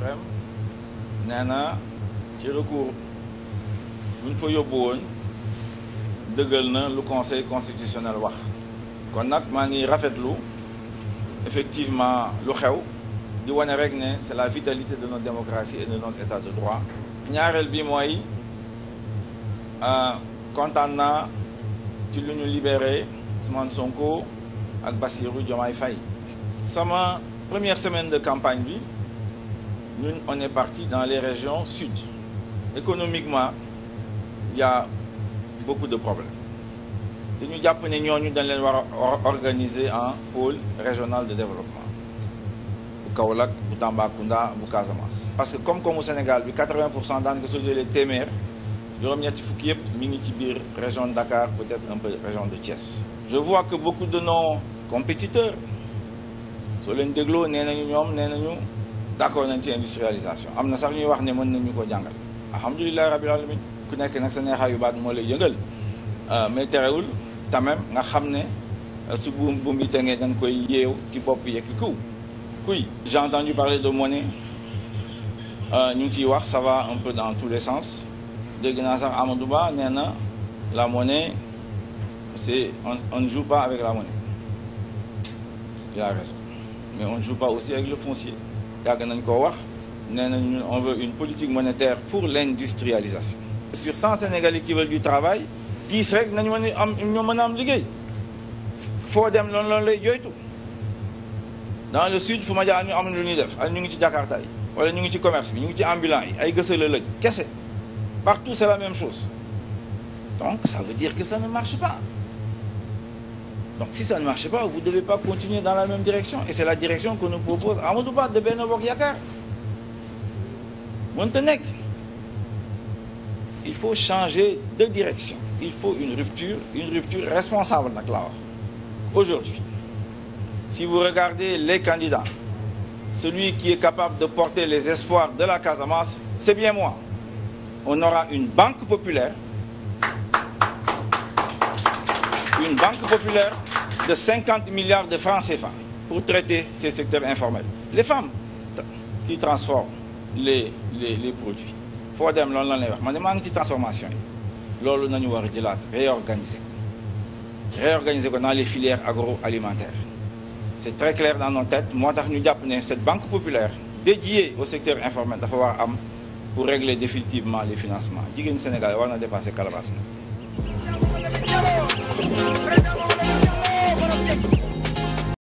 suprême nee na ci recours buñ fa yóbbu woon dëggal na lu conseil constitutionnel nag maa ngi rafetlu effectivement lu xew di wane rek ne c'est la vitalité de notre démocratie et de notre état de droit ñaareel bi mooy euh, kontaan naa ci lu ñu libéré Ousmane Sonko ak Bassirou Diomaye Faye sama première semaine de campagne bi Nous, on est parti les régions sud. Économiquement, il y a beaucoup de problèmes. Et nous japonais nous dans les organisés en pôle régional de développement. Pour Kaolak, pour Tambacounda, pour Casamance. Parce que comme, comme au Sénégal, 80% d'entre eux les témères, je reviens à mini région de Dakar, peut-être un peu région de Thiès. Je vois que beaucoup de nos compétiteurs, Solène Deglo, Nénanou, Nénanou, d'accord nañ ci industrialisation am na sax ñuy wax ne mën nañu ko jàngal alhamdulilahi rabbil alamin ku nekk nag sa neexaayu baat moo lay yëngal euh, mais terewul quand même nga xam ne euh, su buum buum yi tëngee da nga koy yeew ci bopp yekki kiw kuy j'ai entendu parler de monnaie euh, ñu ngi ciy wax ça va un dans tous les sens dégg naa sax Amadou Ba nee na la monnaie c'est on on ne joue la monnaie il a raison mais on ne joue pas aussi le foncier yàgg nañ ko wax ne nañ ñun on une politique monétaire pour l'industrialisation sur cent Sénégalais qui veulent du travail dix rek nañu mën a am ñoo mën a am liggéey foo dem loolu loolu lay jooytu dans le sud fu ma jaar ñu am lu ñuy def ak ñu ngi ci Jakarta yi wala ñu ngi ci commerce bi ñu ngi ci ambulant ay gësala lëj kese partout c'est la même chose donc ça veut dire que ça ne marche pas Donc si ça ne marche pas, vous ne devez pas continuer dans la même direction. Et c'est la direction que nous propose Amadou de Benno Bokk Yakaar. mënta il faut changer de direction. il faut une rupture une rupture responsable nag laa aujourd'hui si vous regardez les candidats celui qui est capable de porter les espoirs de la Casamance c'est bien moi on aura une banque populaire une banque populaire de 50 milliards de francs CFA pour traiter ces secteurs informels les femmes qui transforment les les les produits foo dem loolu lan ma ne man de maa ngi ci transformation yi loolu nañu war a jëlaat réorganiser réorganiser ko dans les filières agroalimentaires c'est très clair dans nos têtes moo tax ñu jàpp ne cette banque populaire dédiée au secteur informel dafa war a am pour régler définitivement le financement jigéen Sénégal war na dépasser calebasse na